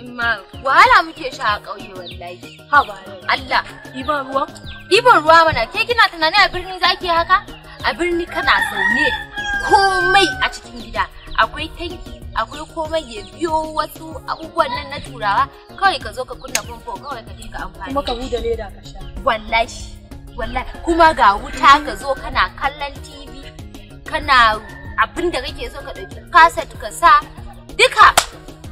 Imam, wahala muke sha a ƙauye wallahi. Ha ba Allah, ɗiban ruwa? Ɗiban ruwa mana, ke kina tunani a birni zaki haka? A birni kana zaune komai a cikin gida. Akwai tanki, akwai komai ya biyo wasu abubuwan nan na turawa. Kawai ka zo ka kunna famfo kawai ka dinga amfani. Kuma ka buɗe leda ka sha. Wallahi, wallahi. Kuma ga wuta ka zo kana kallon TV, kana abin da kake so ka ɗauki kaset ka sa duka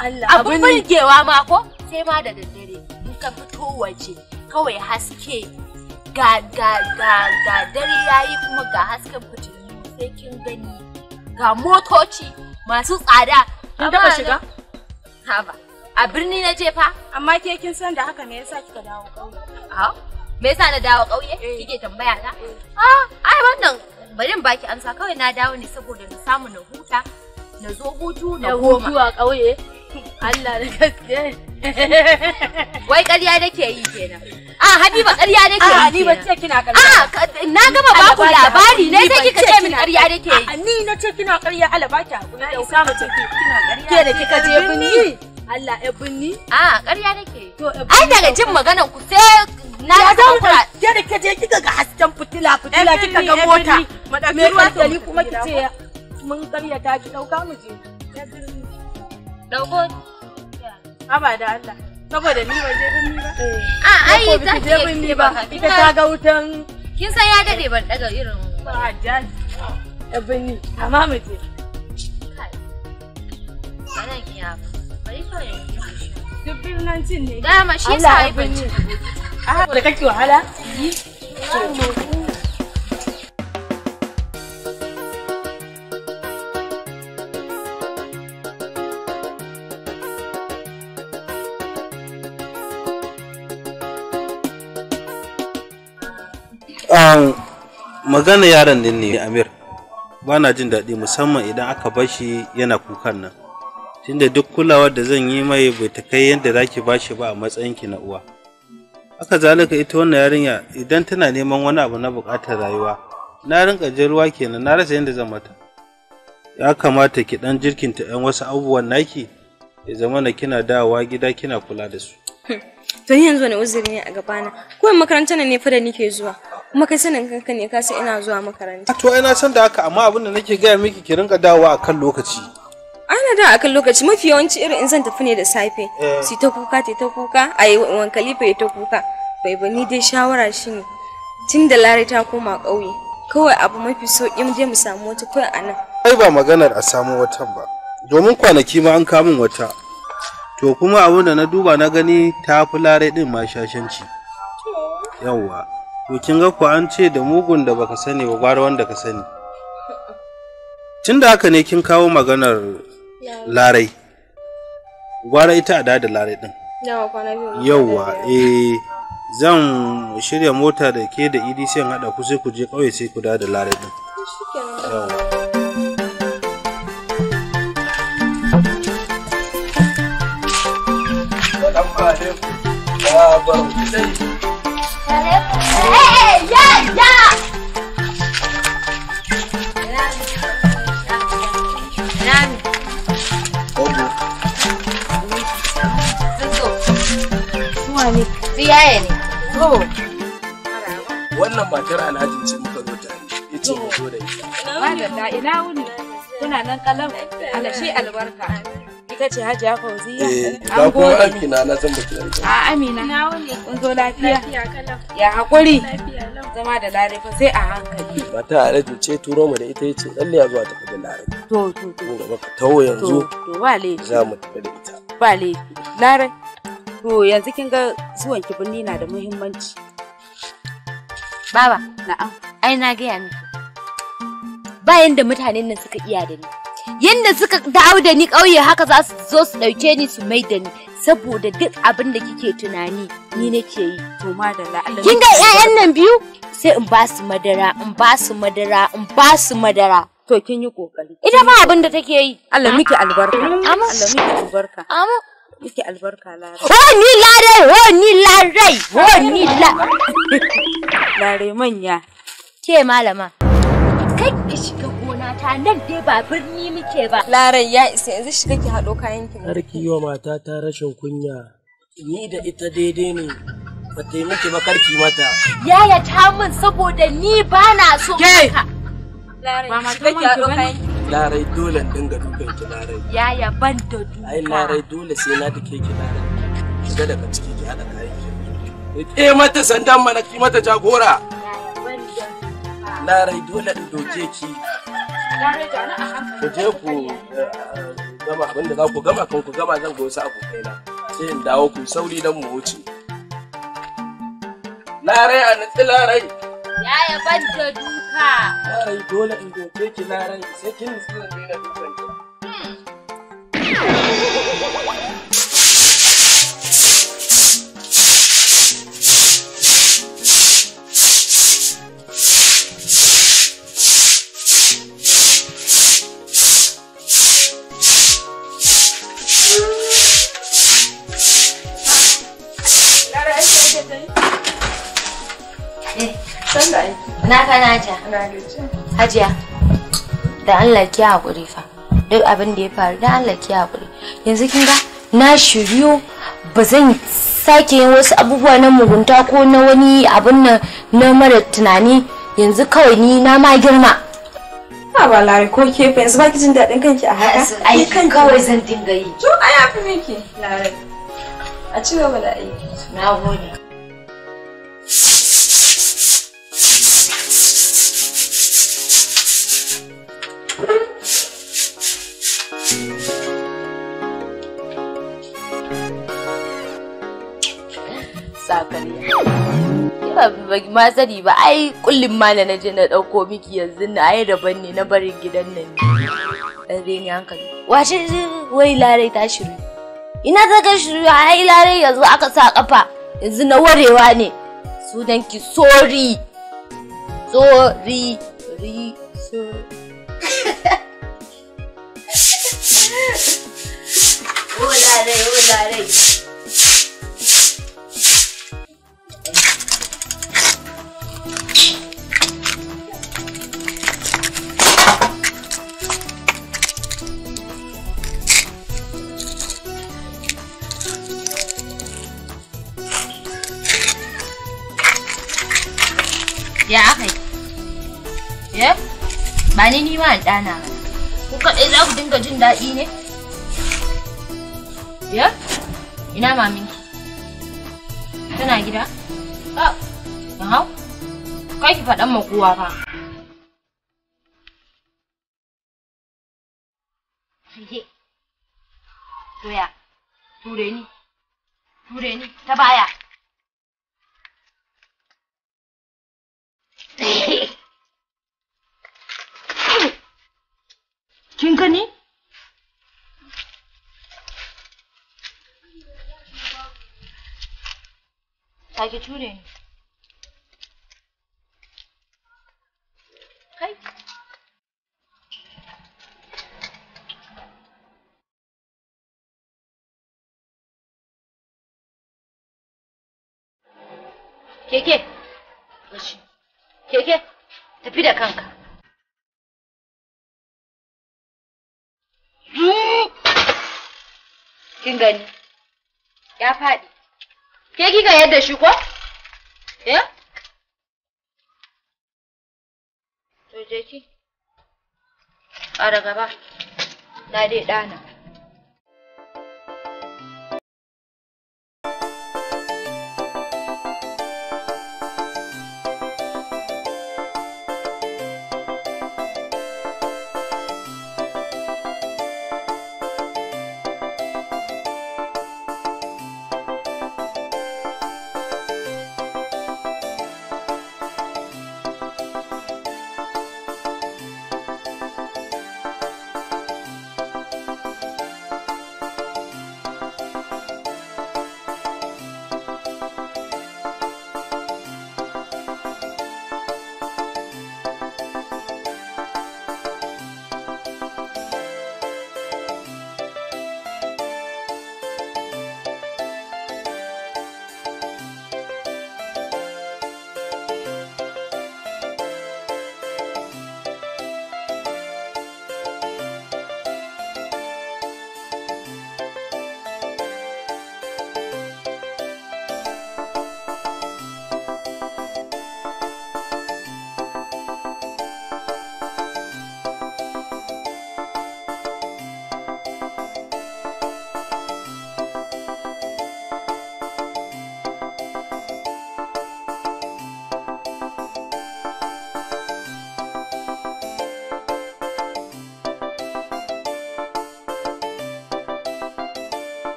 Allah abin bulgewa ma ko sai ma da daddare in ka fito waje kawai haske ga ga ga ga dare yayi kuma ga hasken fitilu sai kin gani ga motoci masu tsada kin taba shiga haba a birni na jefa amma ke kin san da haka me yasa kika dawo kauye me yasa na dawo kauye eh. kike tambaya na eh. ah ai wannan bari in baki amsa kawai na dawo ne saboda na samu na huta na zo hutu na goma. Na hutu a ƙauye? Allah da gaske. Wai ƙarya nake yi kenan. A Habiba ƙarya nake yi. A ni ban ce kina ƙarya. Ah, na gama ba ku labari ne sai kika ce min ƙarya nake yi. ni na ce kina ƙarya ba ta hakuri. da isa mace kina ƙarya. Ke da kika je binni. Allah ya binni? Ah, ƙarya nake. To Ai daga jin maganar ku sai na san ku. Ke da kike je kika ga hasken fitila fitila kika ga mota. Me ruwa kuma kice mun ƙarya ta ki dauka mu je. Dauko. Haba da Allah. Saboda ni ba je birni ba. Eh. A ah, ai za ki ba. Ita ta ga wutan. Kin san ya dade ban daga irin. Ba hajjaji. Amma Anan ki ya ba. Bari ne. Dama shi sa ai bincin. A da kake wahala? Yi. magana yaron din ne amir ba na jin daɗi musamman idan aka bar shi yana kukan nan tunda duk kulawar da zan yi mai bai ta kai yadda za ki ba shi ba a matsayinki na uwa haka zalika ita wannan yarinya idan tana neman wani abu na buƙatar rayuwa na rinka jin ruwa kenan na rasa yadda zan mata ya kamata ki ɗan jirkinta 'yan wasu abubuwan naki ya zama na kina dawowa gida kina kula da su to yanzu ne uzuri ne a gabana ko makaranta ne fa da nike zuwa kuma kai sanin kanka ne ka san ina zuwa makaranta to ai na san da haka amma abin da nake gaya miki ki rinka dawowa akan lokaci ana da akan lokaci mafi yawanci irin in zan tafi ne da safe eh. si ta kuka ta kuka ayi wankali fa ta kuka bai ba ni dai shawara shine tun da lare ta koma kauye kawai abu mafi sauƙin je mu samu wata kawai anan ai ba maganar a samu watan ba domin kwanaki ma an kamun wata to kuma abin da na duba na gani ta fi larai din ma shashanci yawwa to kin ga ku an ce da mugun da baka sani ba gwara wanda ka sani tun haka ne kin kawo maganar larai gwara ita a da larai din yawwa eh zan shirya mota da ke da idc e haɗa ku sai ku je ƙauye sai ku da larai din yawwa ya Wannan matar alhaji ce muka zo ce mu zo da ita. Madalla ina wuni, kuna nan kalam, albarka. ita ce Hajiya Fauziya. Eh, an gode na na san baki aiki. A Amina. Na wani Kun zo lafiya. Ya hakuri. Zama da lare fa sai a hankali. Mata Alhaji ce turo mu da ita yace lalle ya zuwa ta fadin lare. To to to. Mun gaba ka tawo yanzu. To ba le Za mu tafi da ita. Ba le Lare. To yanzu kin ga zuwan ki birni na da muhimmanci. Baba, na'am. Ai na gaya ni. Bayan da mutanen nan suka iya da ni. yadda suka dawo da ni ƙauye haka za su zo su ɗauke ni su mai da ni saboda duk abin da kike tunani ni nake yi to la, Allah kin ga ƴaƴan nan biyu sai in ba su madara in ba su madara in ba su madara to kin yi kokari ita ma abin da take yi Allah miki albarka Allah miki albarka amma miki albarka larai ho ni larai ho ni larai ho ni la Lare manya ke malama kai kishi mata nan dai ba birni muke ba. Larai ya isa yanzu shiga ki haɗo kayan ki. Har ki yi wa mata ta rashin kunya. Ni da ita daidai ne. Ba ta yi muke ba karki mata. Yaya ta min saboda ni ba na so. Ke! Larai shiga ki haɗo kayan ki. Larai dole in dinga dukan ki larai. Yaya ban da duka. Ai larai dole sai na da ki larai. Shiga daga ciki ki haɗa kayan ki. Eh mata sandan mana ki mata jagora. Larai dole in doke ki. ku je ku eh, eh, gama abinda za ku gama kan ku gama zan ga wasu abokaina sai in dawo ku sauri don mu wuce larai a nutsi larai ya yaban da duka larai dole in doke ki larai sai kin nutsi da dukan ki hmm. Na ka na ja. Hajiya. Da Allah ki haƙuri fa. Duk abin da ya faru da Allah ki haƙuri. Yanzu kin ga na shiryu ba zan sake yin wasu abubuwa na mugunta ko na wani abin nan na mara tunani yanzu kawai ni na ma girma. Ha ba lare ko ke fa yanzu ki jin daɗin kanki a haka? Ai kan kawai zan dinga yi. To ai afi miki lare. A ci gaba da aiki. Na gode. sakare ba ma sani ba ai kullum ma na naje na dauko miki yanzu na ai daban ne na barin gidan nan dan zai hankali washe wai larai ta shiru ina ta ga shiru ai larai yanzu aka sa kafa yanzu na warewa ne sunan ki sorry sorry ri so Oh, Larry, oh, Larry. ni ni ma ɗana ku kadai za ku dinga jin daɗi ne ya ina mamin tana gida ah hau kai ki faɗan ma kowa fa Ture ni, ture ni, ta baya. sake ture ni keke tafi da kanka kin gani ya faɗi Ke kika yadda shi ko? Ya? To je ki. A gaba. Na dai ɗana.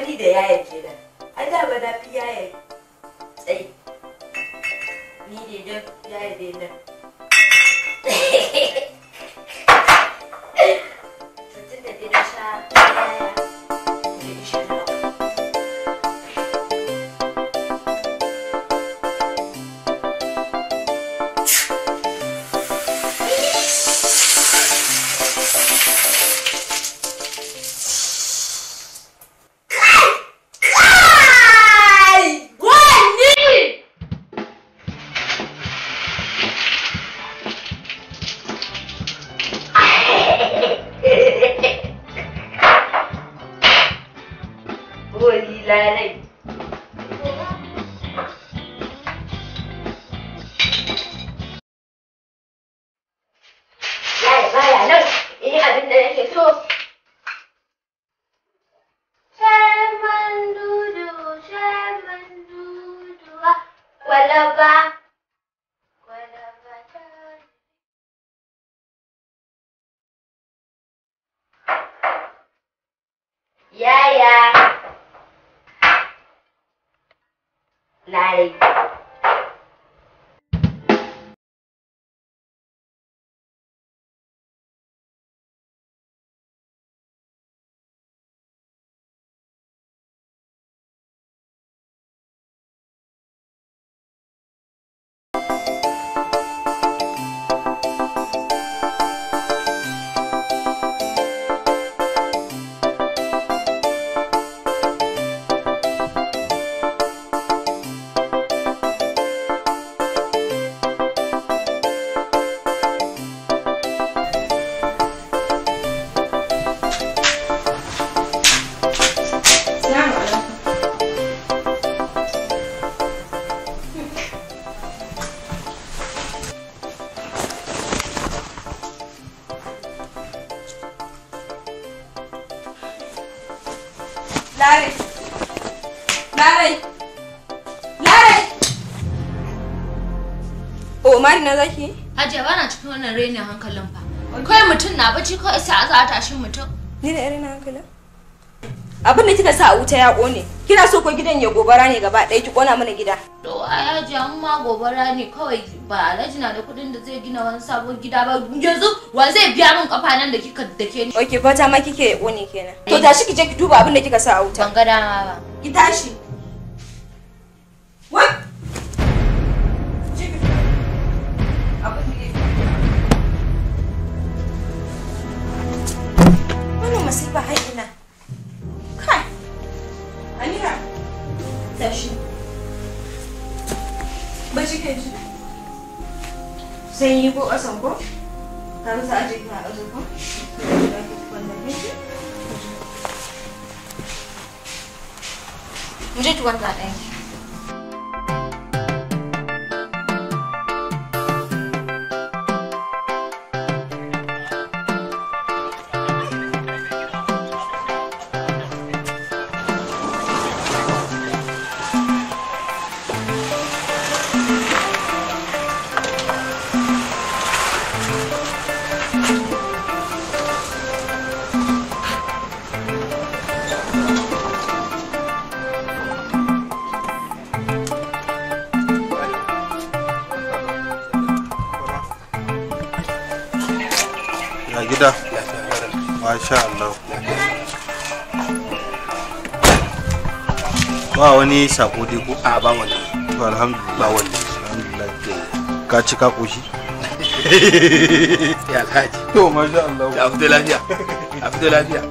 れに出会えてる Gualaba. Yeah, yeah. Like. Larai! Larai! Larai! O mari na zaki? Hajiya bana cikin wannan rainin hankalin fa. Kai mutum na bacci kawai sai aka tashi mutum. Ni da rainin hankalin? Abin da kika sa a wuta ya kone. Kina so ko gidan ya gobara ne gaba ɗaya ki kona mana gida. yaji ma gobara ne kawai ba alhaji na da kuɗin da zai gina wani sabon gida ba yanzu wa zai biya min kafa nan da kika dake ni okay fata ma kike wani kenan to tashi ki je ki duba abin da kika sa a wuta ban ga dama ba ki tashi uku mu je tuwon sako dai ko a ba wannan to alhamdulillah ba wannan alhamdulillah ka koshi ya alhaji to masha Allah ya fito lafiya a fito lafiya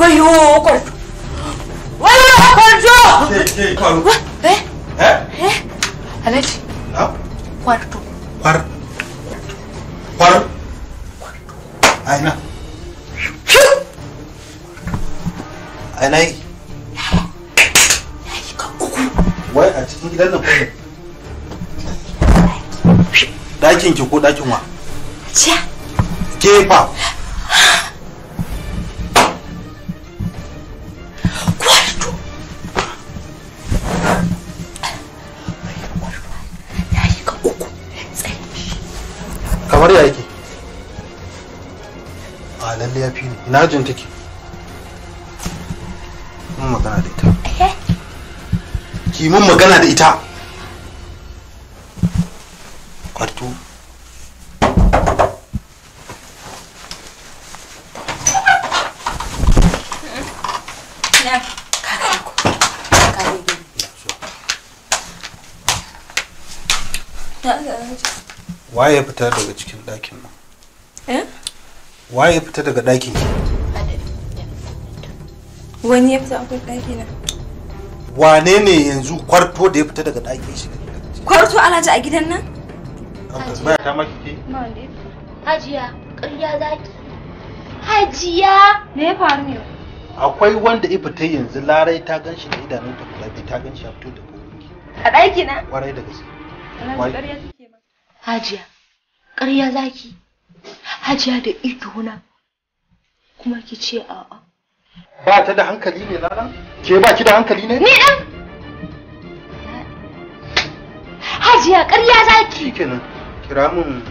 wayo kwarto wayo kwarto ke faru eh? eh eh alhaji na kwarto kwar kwar aina aina yi wai a cikin gidan nan kwarto dakin ki ko dakin wa ke fa kamar ya yake a lalle ya fi ne ina jin take mun magana da ita eh? ki mun magana da ita kwarto waye ya fita daga ciki ɗakin nan eh waye ya fita daga ɗakin ki wani ya fita akwai ɗaki na wane ne yanzu kwarto da ya fita daga ɗakin shi kwarto alhaji a gidan nan ba ta maki ke hajiya ƙarya zaki hajiya me ya faru ne akwai wanda ya fita yanzu larai ta ganshi da idanunta kula bai ta ganshi a fito da a ɗaki na ƙwarai da gaske hajiya ƙarya zaki hajiya da idona kuma ki ce a'a ba ta da hankali ne lala ke ba ki da hankali ne ni dan hajiya ƙarya zaki kenan, kira min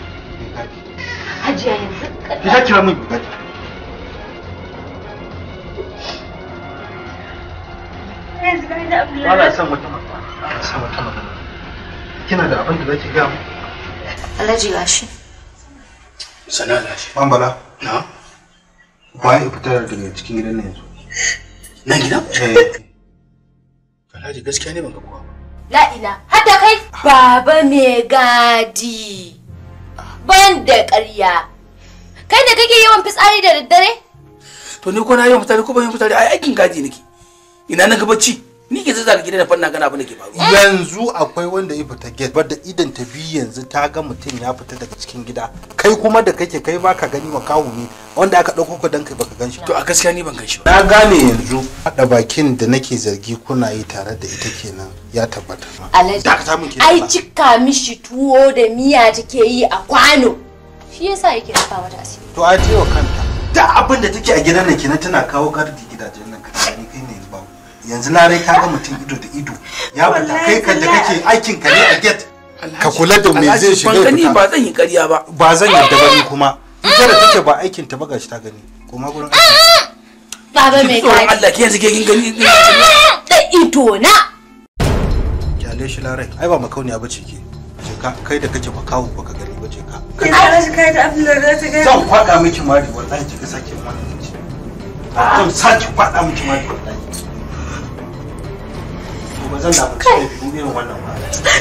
hajiya yanzu ki ta kira min Ba na son wata magana. Ba na son wata magana. Kina da abin da zaki gaya mu? Alhaji gashi. Sana lashi. Man bala. Na. Ba ya fita daga cikin gidan ne yanzu. Nan gidan? Eh. Alhaji gaskiya ne ban ga kowa ba. La Hadda kai baba me gadi. Ban da ƙarya. Kai da kake yawan fitsari da daddare? To ni ko na yawan fitsari ko ban yawan fitsari ai aikin gadi nake. Ina na ga bacci. ni ke gida da fanna gana abin da ke faru. yanzu akwai wanda ya fita gate wadda idan ta bi yanzu ta ga mutum ya fita daga cikin gida kai kuma da kake kai baka gani kawo ne wanda aka dauko ka dan kai baka ganshi to a gaskiya ni ban ganshi ba na gane yanzu da bakin da nake zargi kuna yi tare da ita kenan ya tabbata ai cika mishi tuwo da miya take yi a kwano shi yasa yake rufa wata asiri to a ce wa kanta da abin da take a gidan nan kenan tana kawo gardi gidajen nan ka yanzu larai ka ga mutum ido da ido ya fita kai ka da kake aikin ka ne a gate ka kula da me zai shiga gani ba zan yi ƙarya ba ba zan yarda ba ni kuma ita da take ba aikin ta ba gashi ta gani kuma gurin baba mai kai Allah ke yanzu ke kin gani da ido na kyale shi larai ai ba makauniya ba ce ke ka kai da kake ba kawo ba ka gani ba ce ka kai da shi kai da abin da za ta gani zan faɗa miki mari wallahi ka sake mara zan sake faɗa miki mari wallahi ba zan na damu da biyu irin wannan ba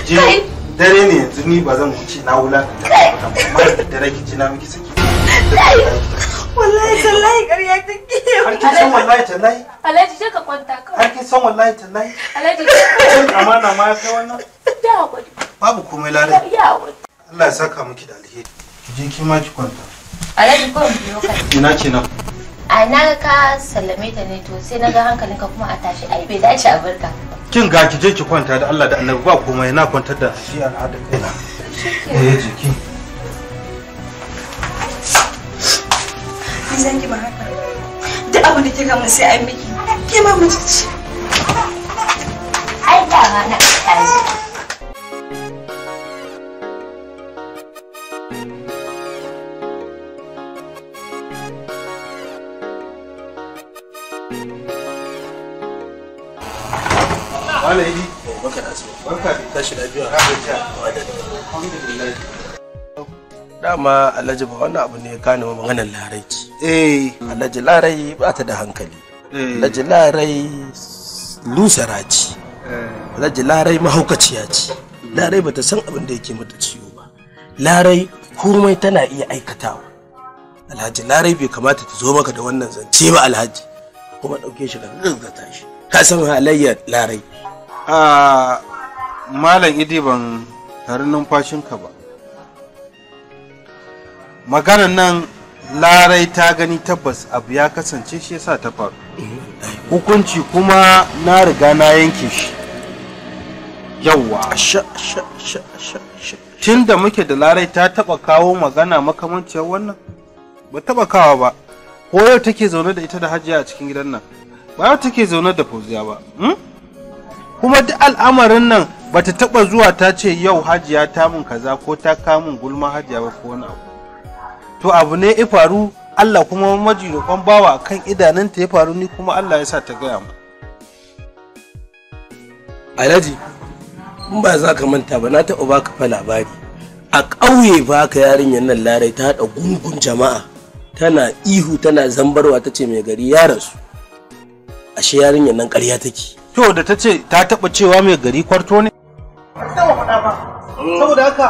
je dare ne yanzu ni ba zan wuce na wulakanta ba amma da rage ji na miki saki wallahi tallahi ƙarya ta ke har kin san wallahi tallahi alhaji je ka kwanta kawai har kin san wallahi tallahi alhaji je amana ma kai wannan da hakuri babu komai lare Allah ya saka miki da alheri ki je ki ma ki kwanta alhaji ko biyo kai ina ce na a na ka sallame ta ne to sai na ga hankalinka kuma a tashi ai bai dace a barka kin ga ki je ki kwanta da Allah da annabi ba kuma yana kwantar da shi al'ada kaina eh jiki ni zan ki ba haka duk abin da kika mun sai ai miki ke ma mace ce ai da na ta Dama Alhaji ba wannan abu ne ya kana wa maganar larai ce. Eh. Alhaji larai ba ta da hankali. Eh. Alhaji larai lusara ce. Eh. Alhaji larai mahaukaciya ce. Larai bata san abin da yake mata ciwo ba. Larai kurmai tana iya aikatawa. Alhaji larai bai kamata ta zo maka da wannan zance ba Alhaji. Kuma ɗauke shi da gaggata shi. Ka san halayyar larai. a malam idi ban tare numfashinka ba maganar nan larai ta gani tabbas abu ya kasance shi yasa ta faru hukunci kuma na riga na yanke shi yawwa tun da muke da larai ta taba kawo magana makamanciyar wannan ba taba kawa ba ko yau take zaune da ita da hajiya a cikin gidan nan ba yau take zaune da fauziya ba hmm? kuma duk al'amarin nan bata taba zuwa ta ce yau hajiya ta mun kaza ko ta kamun gulma hajiya ba ko wani abu to abu ne ya faru Allah kuma maji roƙon bawa kan idananta ya faru ni kuma Allah ya sa ta gaya mu Alhaji in ba za ka manta ba na taɓa baka fa labari a ƙauye ba ka yarinyar nan larai ta haɗa gungun jama'a tana ihu tana zambarwa ta ce mai gari ya rasu ashe yarinyar nan ƙarya take to da ta ce ta taba cewa mai gari kwarto ne ba saboda haka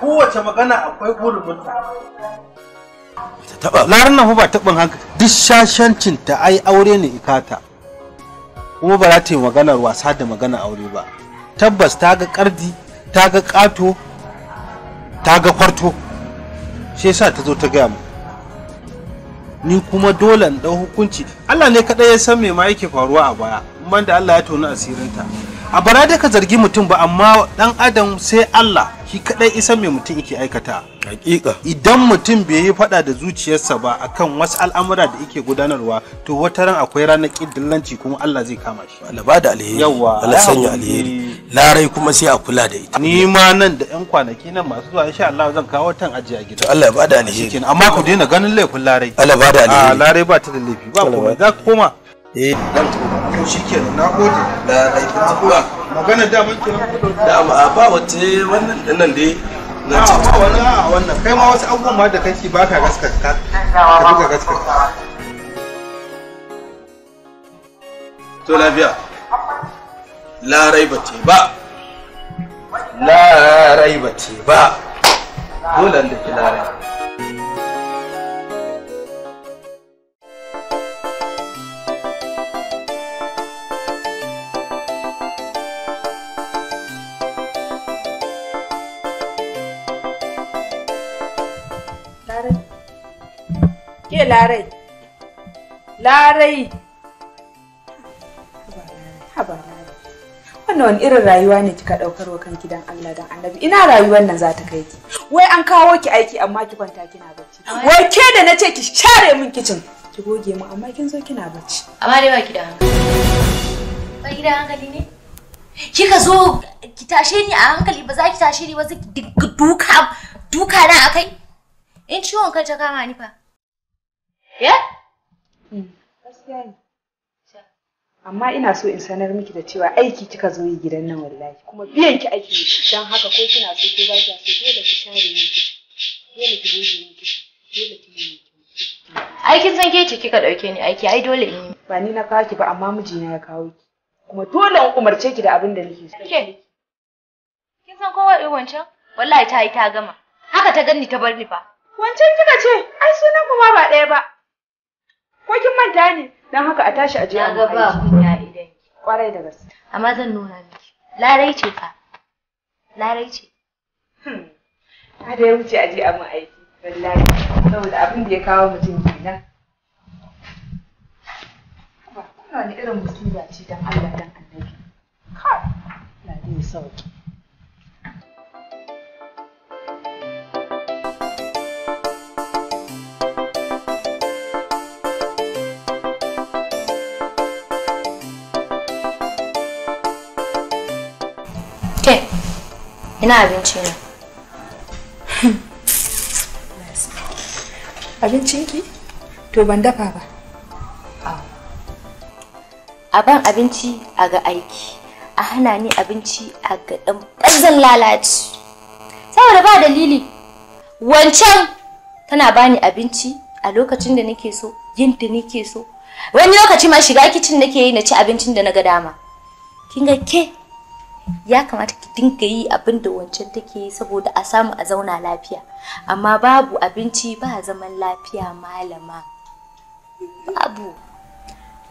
kowace magana akwai ta laran ba taɓin haka. duk shashancin ta ai aure ne ikata kuma ba za ta yi maganar wasa da magana aure ba tabbas ta ga kardi ta ga ƙato ta ga kwarto shi yasa ta zo ta gaya mu ni kuma dole in ɗau hukunci Allah ne kaɗai ya san me ma yake faruwa a baya man da Allah ya toni asirinta a bara da ka zargi mutum ba amma dan adam sai Allah shi kadai isan mai mutum yake aikata hakika idan mutum bai yi fada da zuciyarsa ba akan wasu al'amura da yake gudanarwa to wata ran akwai ranar kidillanci kuma Allah zai kama shi Allah ba da alheri yawa Allah sanya alheri larai kuma sai a kula da ita ni ma nan da yan kwanaki nan masu zuwa insha Allah zan kawo tan aji a gida to Allah ya ba da alheri amma ku daina ganin laifin larai Allah ba da alheri larai ba ta da laifi ba kuma za ku koma eh to shikenan na gode da laifin kuwa magana da mun kenan da a ba wace wannan nan dai na ce ba wani wannan kai ma wasu abubuwan ma da kake baka gaskata ka duka gaskata to lafiya la raiba ce ba la raiba ce ba dole da ki la raiba Ke larai. Larai. Haba larai. Wannan wani irin rayuwa ne kika ɗaukar wa kan gidan Allah dan Annabi. Ina rayuwar nan za ta kai ki. Wai an kawo ki aiki amma ki kwanta kina bacci. Wai ke da na ce ki share min kicin. Ki goge mu amma kin zo kina bacci. Amma dai ba ki da hankali. Ba ki da hankali ne? Kika zo ki tashe ni a hankali ba za ki tashe ni ba zai duka duka na akai. In ciwon kai ta kama ni fa. Eh? Mm. Gaskiya Amma ina so in sanar miki da cewa aiki kika zo yi gidan nan wallahi kuma biyan ki aiki ne. don haka ko kina so ko ba ki so dole ki share ni ki. Dole ki goge ni ki. Dole ki yi Ai kin san ke ce kika dauke ni aiki ai dole in ba ni na kawo ki ba amma mijina ya kawo ki. Kuma dole in umarce ki da abin da nake so. Ke Kin san kowa irin wancan? Wallahi ta yi ta gama. Haka ta ganni ta bar ni fa. Wancan kika ce ai sunan kuma ba ɗaya ba. ko kin manta ne dan haka a tashi a je a ga ba kunya idan kwarai da gaske amma zan nuna miki larai ce fa larai ce hmm. ta da ya wuce a je a mu aiki wallahi saboda abin da ya kawo mutum kenan wani irin musiba ce dan Allah dan annabi kai na ji sauki ina abinci abincinki to ban dafa ba a ban abinci a ga aiki a hana ni abinci a ga dan bazan lalaci saboda ba dalili wancan tana bani abinci a lokacin da nake so yadda nake so wani lokaci ma shiga kicin nake yi na ci abincin da na ga dama kinga ga ke ya kamata ki dinga yi abin da wancan take yi saboda a samu a zauna lafiya amma babu abinci ba zaman lafiya malama babu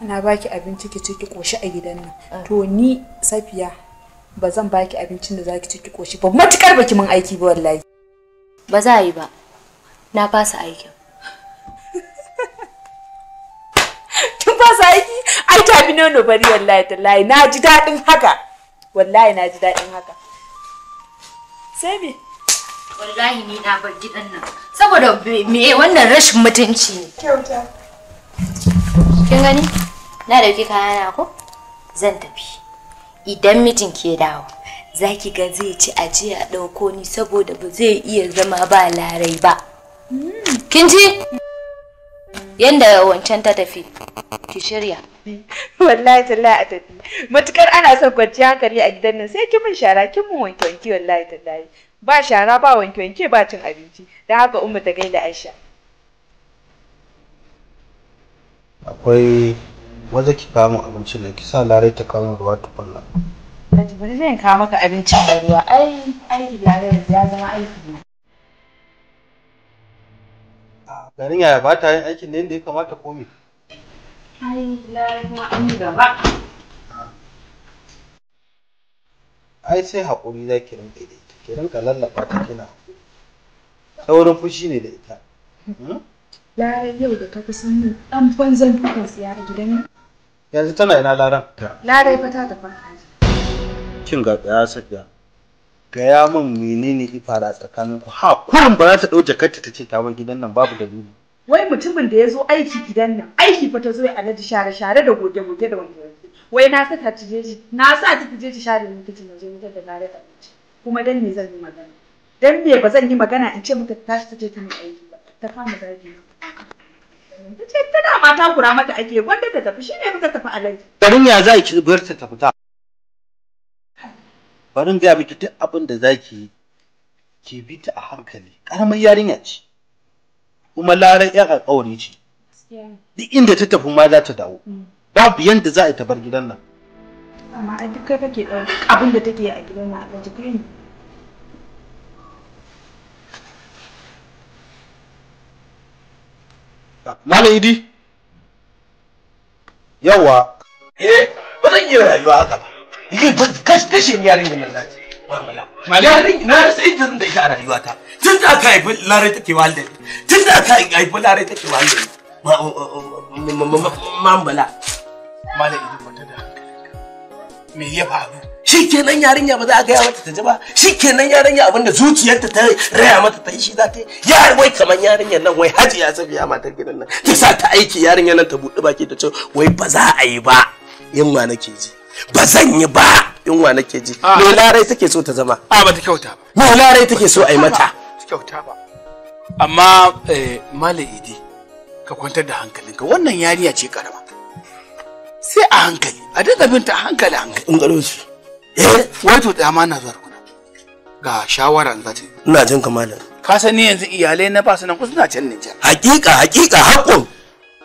ana baki abinci ki ci ki koshi a gidan nan ah. to ni safiya ba zan baki abincin da zaki ci ki koshi ba matukar baki mun aiki ba wallahi ba za a yi ba na fasa aikin kin fasa aiki ai ta bi nono bari wallahi tallahi na ji daɗin haka wallahi na ji daɗin haka sai me wallahi ni na bar gidan nan saboda me wannan rashin mutunci ne kyauta kin gani na dauki kayana ko zan tafi idan mijin ke dawo zaki ga zai ci aje a ɗauko ni saboda ba zai iya zama ba larai ba hmm. kin ji yanda wancan ta tafi ki shirya wallahi tallahi a tafi matukar ana son kwanciya hankali a gidan nan sai ki mun shara ki mun wanke wanke wallahi tallahi ba shara ba wanke wanke ba cin abinci dan haka umma ta gaida Aisha akwai wanda ki kawo min abincin nan ki sa larai ta kawo min ruwa tukunna bari zan kawo maka abincin da ruwa ai aiki da ya zama aiki garin yaya ba ta yin aikin da yadda ya kamata ko me ai lalima an gaba ai sai haƙuri za ki rinka da ita ki rinka lallaba ta kina saurin fushi ne da ita hmm? larar yau da ta kusan min dan banzan dukan siya a gidan yanzu tana ina laran larai fa ta tafi kin ga tsaya sakiya gaya min menene fara tsakanin ku ha kurin ba za ta ɗau jakarta ta ce ta bar gidan nan babu dalili wai mutumin da ya zo aiki gidan nan aiki fa ta zo ya alaji share share da goge goge da wanke wai na sa ta tije shi na sa ta tije shi share ne kicin waje wutar da gare ta kuma dan me zan yi magana dan me ba zan yi magana in ce mata ta tashi ta je ta mai aiki ba ta fama zagi ta ce tana mata kura mata ake wanda ta tafi shine muka tafi alaji garin ya za ki bar ta tafi ta bari gaya miki duk abin da za ki yi bi ta a hankali ƙaramar yarinya ce kuma larar yan alƙawari ce duk inda ta tafi ma za ta dawo mm. babu yanda za a yi ta bar gidan nan amma a duk kai kake ɗauki abin da take a gidan nan a kai ne Malam Idi? Yawa. Eh, ba zan iya rayuwa haka ba. yi kashe shikenan yarinya ba za a gaya mata ta ji ba shikenan yarinya abinda zuciyarta ta raya mata ta yi shi za ta yi ya wai kamar yarinyar nan wai haji ya safiya matar gidan nan ta sa ta aiki yarinya nan ta buɗe baki ta ce wai ba za a yi ba ma nake ji ba zan yi ba wa nake ji ah. me larai take so ta zama a ah, ba ta kyauta ba me larai take so a yi mata kyauta ba amma eh, mala idi ka kwantar da hankalinka wannan yariya ce karama sai a hankali a daga binta a hankali hankali in garo shi eh wato da ma na zarku ga shawara shawaran zata ina jin ka malam ka sani yanzu iyalai na ba su nan suna can Nijar hakika hakika haƙon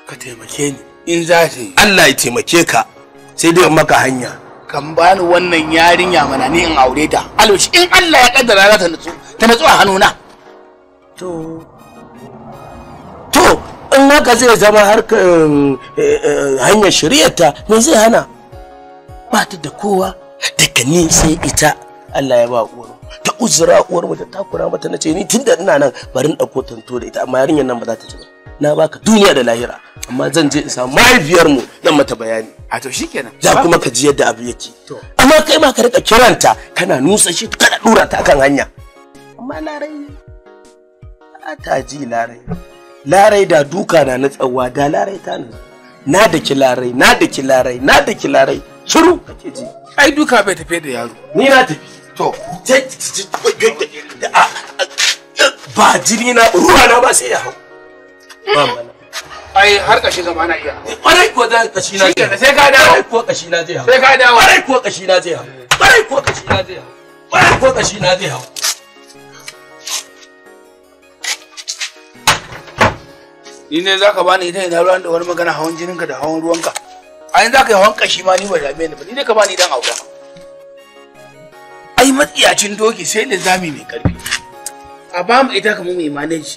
ka taimake ni in za ta yi Allah ya taimake ka sai dai maka hanya kan bani wannan yarinya mana ni in aure ta alwashi in Allah ya kaddara ta nutsu ta nutsu a hannuna to to in haka zai zama harkar um, eh, eh, hanyar shari'arta me zai hana ba ta da kowa daga ni sai ita Allah ya ba uwar ta uzura uwar mu ta takura mata nace ni tunda ina nan bari in dauko tanto da ita amma yarinyar nan ba za ta ci ba na baka duniya da lahira amma zan je in samu mahaifiyarmu zan mata bayani a to shikenan za kuma ka ji yadda abu yake amma kai ma ka rika kiranta kana nusa shi kana dura ta akan hanya amma larai ta ji larai larai da duka na na tsawa da larai ta nan. na da ki larai na da ki larai na da ki larai shiru kake ji ai duka bai tafi da yaro ni na tafi to ba jini na ruwa na ba sai ya hau ai har kashi zama na iya kwarai ko da kashi na je sai ka dawo kwarai ko kashi na je sai ka dawo kwarai ko kashi na je kwarai ko kashi na je kwarai ko kashi na je ni ne za ka bani idan idan ruwan da wani magana hawan jininka da hawan ruwanka a yanzu za ka yi hawan kashi ma ni ba dame ni ba ni ne ka bani idan aura ai matsiyacin doki sai linzami mai karfi a ba mu ita kamar mai manage